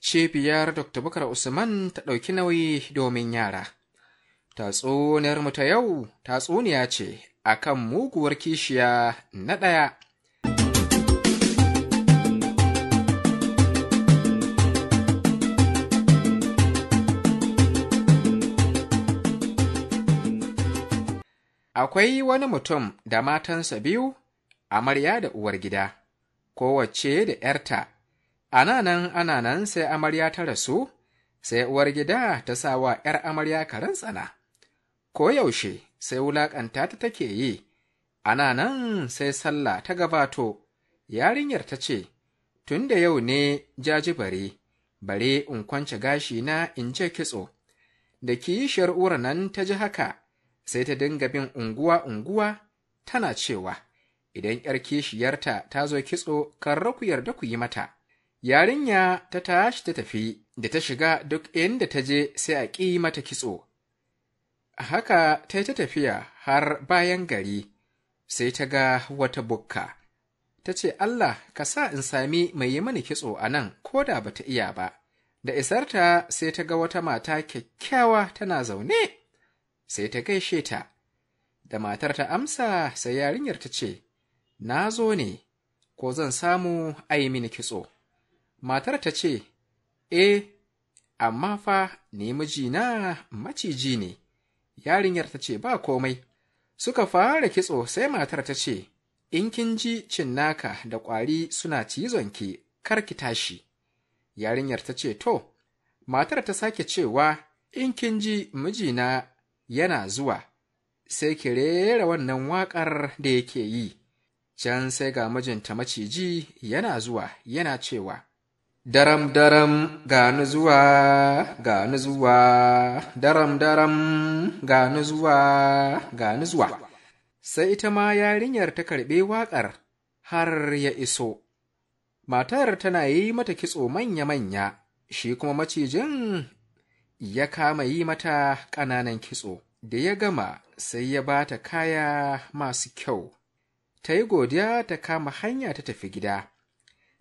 cibiyar dr bukar usman ta ɗauki nauyi domin yara tatsuniyarmu ta yau tatsuniya ce akan muguwar kishiya na ɗaya akwai wani mutum da matansa biyu amarya da uwar gida, kowace da ‘yarta Ana nan ana nan sai amarya ta rasu, sai uwar gida ta sa wa ‘yar amarya karen tsana, koyaushe sai wulaƙanta ta take yi, ana nan sai sallah ta gabato, yarinyar ta ce, Tun da yau ne jaji bare bare in kwance na, in je kitso, da kishiyar uwar nan ta ji haka, sai ta dinga bin unguwa-unguwa tana cewa, Idan ‘yar kishiyarta ta zo kitso, kan raku yarda ku yi mata. Yarinya ta tashi ta tafi da ta shiga duk inda ta je sai a ƙi mata kitso. Haka ta yi ta tafiya har bayan gari sai ta ga wata bukka. Ta ce, Allah, ka sa in sami mai yi mani kitso a nan ko da ba ta iya ba. Da isarta sai ta ga wata mata kyakkyawa tana zaune, sai ta gaishe ta. Da matar ta amsa sai yarinyar ta ce, Na zo ne, ko zan samu a mini kitso. matar ta ce e amma fa ni mijina maciji ne yarinyar ta ce ba komai suka fara kitso sai matar ta ce in kin ji cin naka da ƙwari suna cizonki kar ki tashi yarinyar ta ce to matar ta sake cewa in kin ji mijina yana zuwa sai ki rera wannan waƙar da yake yi can sai ga mijinta maciji yana zuwa yana cewa daram daram gani zuwa gani zuwa daram daram gani zuwa gani zuwa sai ita ma yarinyar ta karbe waƙar har ya iso matar tana yi mata kitso manya-manya shi kuma macijin ya kama yi mata ƙananan kitso da ya gama sai ya ba ta kaya masu kyau ta yi godiya ta kama hanya ta tafi gida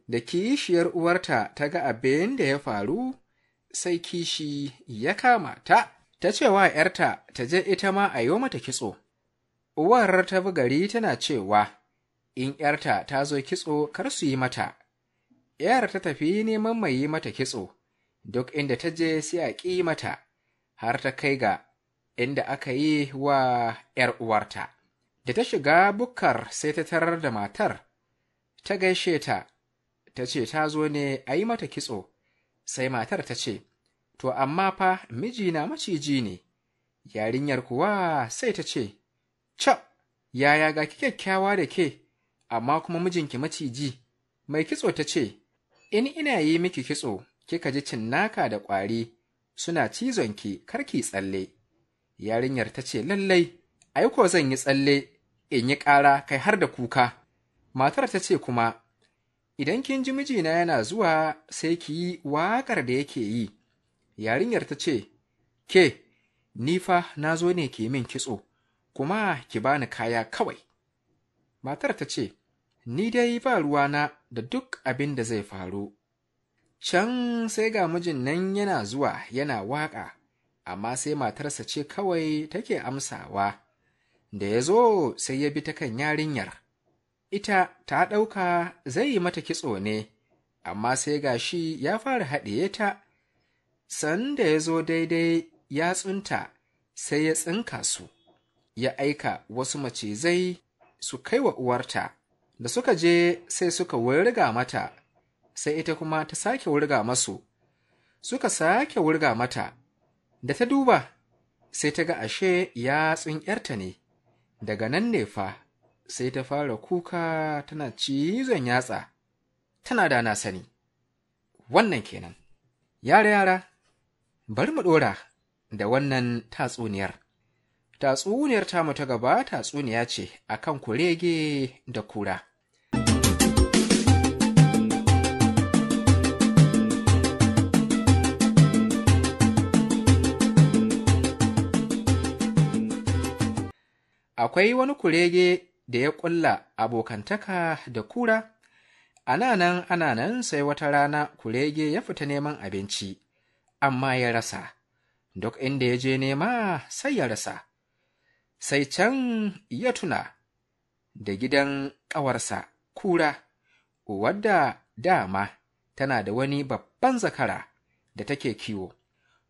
da kishiyar uwarta ta ga abin da ya faru sai kishi ya kama ta ta ce wa ‘yarta ta je ita ma a yi mata kitso uwar ta bi gari tana cewa in ‘yarta ta zo kitso kar su yi mata ‘yar ta tafi neman mai yi mata kitso duk inda ta je sai a ƙi mata har ta kai ga inda aka yi wa ‘yar uwarta. Da ta shiga bukkar sai ta tarar da matar, ta gaishe ta, ta ce ta zo ne a yi mata kitso sai matar ta ce to amma fa mijina maciji ne yarinyar kuwa sai ta ce 'Ca' yaya ga ki kyakkyawa da ke amma kuma mijinki maciji mai kitso ta ce in ina yi miki kitso kika ji cin naka da ƙwari suna cizonki karki tsalle yarinyar ta ce lallai aiko zan yi tsalle in yi ƙara kai har da kuka matar ta ce kuma idan kin ji mijina yana zuwa sai ki yi waƙar da yake yi yarinyar ta ce ke ni fa na zo ne ki min kitso kuma ki bani kaya kawai matar ta ce ni dai ba ruwana da duk abin da zai faru can sai ga mijin nan yana zuwa yana waƙa amma sai matarsa ce kawai take amsawa da ya zo sai ya bi ta kan yarinyar ita ta ɗauka zai yi mata kitso ne, amma sai ga shi ya fara haɗiye ta, sanda ya zo daidai ya tsunta sai ya tsinka su, ya aika wasu macizai su kai wa uwarta, da suka je sai suka wurga mata, sai ita kuma ta sake wurga masu, suka sake wurga mata, da ta duba sai ta ga ashe yatsun ‘yarta ne, daga nan ne fa sai ta fara kuka tana cizon yatsa tana da na sani wannan kenan yara yara bari mu ɗora da wannan tatsuniyar tatsuniyar ta ta gaba tatsuniya ce akan kurege da kura akwai wani kurege da ya ƙulla abokantaka da kura nan ananan nan sai wata rana kurege ya fita neman abinci amma ya rasa duk inda ya je nema sai ya rasa sai can ya tuna da gidan ƙawarsa kura wadda dama tana da wani babban zakara da take kiwo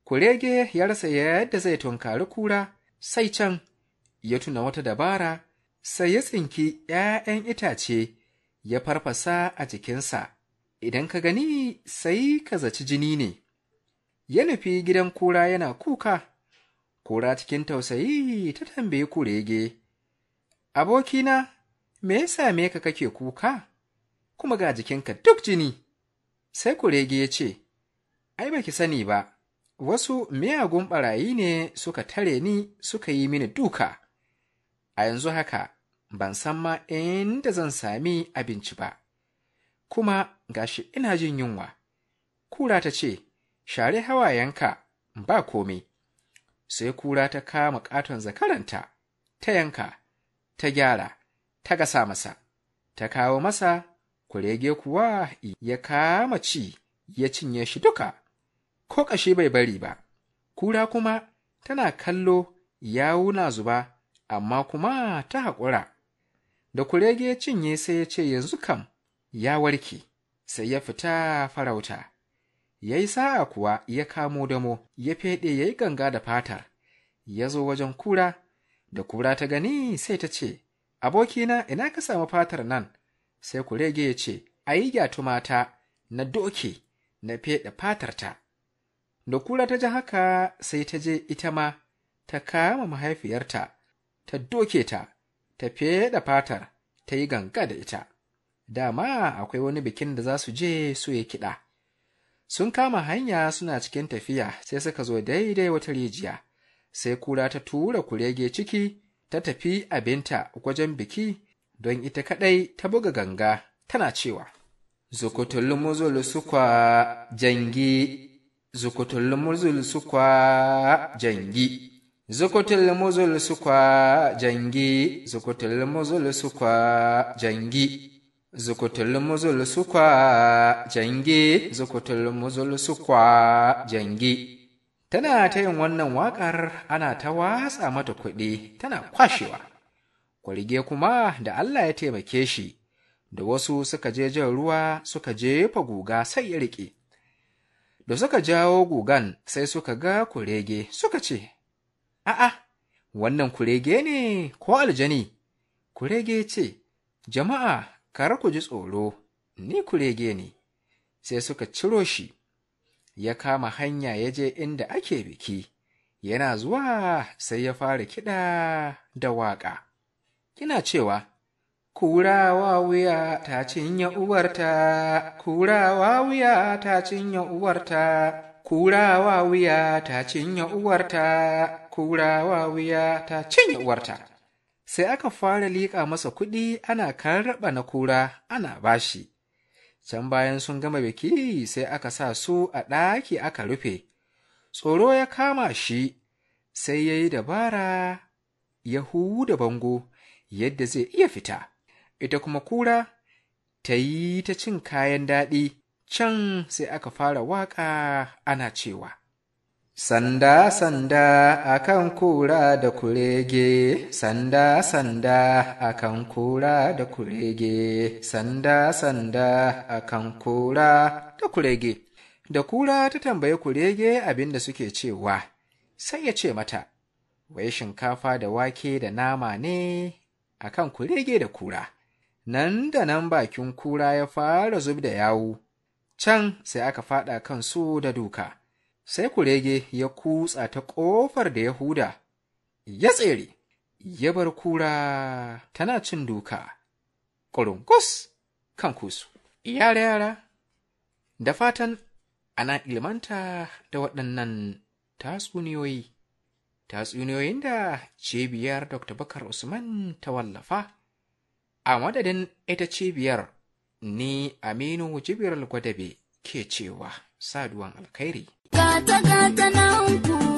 kurege ya rasa yadda zai tunkari kura sai can ya tuna wata dabara sai ya tsinki ‘ya'yan itace ya farfasa a jikinsa, idan ka gani sai ka zaci jini ne. Ya nufi gidan kura yana kuka, kura cikin tausayi ta tambayi kurege, Abokina, me ya same ka kake kuka, kuma ga jikinka duk jini, sai kurege ya ce, Ai, baki sani ba, wasu miyagun ɓarayi ne suka tare ni suka yi mini duka. A yanzu haka ban san ma inda zan sami abinci ba, kuma gashi ina jin yunwa. Kura ta ce, Share hawayenka ba komai. Sai kura ta kama katon zakaranta, ta yanka, ta gyara, ta gasa masa, ta kawo masa, kurege kuwa ya kama ci ya cinye shi duka, ko ƙashe bai bari ba. Kura kuma tana kallo yawu na zuba amma kuma ta haƙura. Da kurege ya cinye sai ya ce yanzu kam ya warke, sai ya fita farauta. Ya yi sa'a kuwa ya kamo damo, ya feɗe ya yi ganga da fatar, ya zo wajen kura, da kura ta gani sai ta ce, Abokina ina ka samu fatar nan, sai kurege ya ce, A yi gyatumata na doke, na feɗe fatarta. Da kura ta ji haka sai ta je ita ma, ta kama mahaifiyarta. ta doke ta ta feɗa fatar ta yi ganga da ita dama akwai wani bikin da za su je su ya kiɗa sun kama hanya suna cikin tafiya sai suka zo daidai wata rijiya sai kura ta tura kurege ciki ta tafi abinta wajen biki don ita kaɗai ta buga ganga tana cewa zukutulumuzulu jangi zukutul muzul sukwa jangi zukutul muzul sukwa jangi zukutul muzul sukwa jangi zukutul muzul sukwa jangi tana ta yin wannan waƙar ana ta watsa mata kuɗi tana kwashewa kwarige kuma da Allah ya taimake shi da wasu suka je jan ruwa suka jefa guga sai ya riƙe da suka jawo gugan sai suka ga kurege suka ce A'a, wannan kurege ne ko aljani? Kurege ce, Jama'a, kare ku ji tsoro, ni kurege ne, sai suka ciro shi, ya kama hanya ya je inda ake biki, yana zuwa sai ya fara kiɗa da waƙa. Kina cewa, Kurawa wuya ta cinye uwarta, kurawa wuya ta cinye uwarta, kurawa wuya ta cinye uwarta, kurawa wuya ta cinye uwarta sai aka fara liƙa masa kuɗi ana karɓa na kura ana bashi can bayan sun gama biki sai aka sa su a ɗaki aka rufe tsoro ya kama shi sai ya yi dabara ya da bango yadda zai iya fita ita kuma kura ta yi ta cin kayan daɗi can sai aka fara waƙa ana cewa Sanda-sanda akan kura da kurege, sanda-sanda akan kura da kurege, sanda-sanda akan kura da kurege. Da kura ta tambayi kurege abinda suke cewa, sai ya ce mata, wai shinkafa da wake da nama ne akan kurege da kura. Nan da nan bakin kura ya fara zub da yawu, can sai aka faɗa kansu da duka. sai kurege ya kutsa ta ƙofar da Yahuda, ya tsere, ya bar kura tana cin duka, ƙurungus kan kusu, yara-yara, da fatan ana ilmanta da waɗannan tatsuniyoyi, tatsuniyoyin da cibiyar Dr. Bakar Usman ta wallafa, a madadin ita cibiyar ni Aminu Jibiral Gwadabe ke cewa saduwan alkhairi. gata gata na unku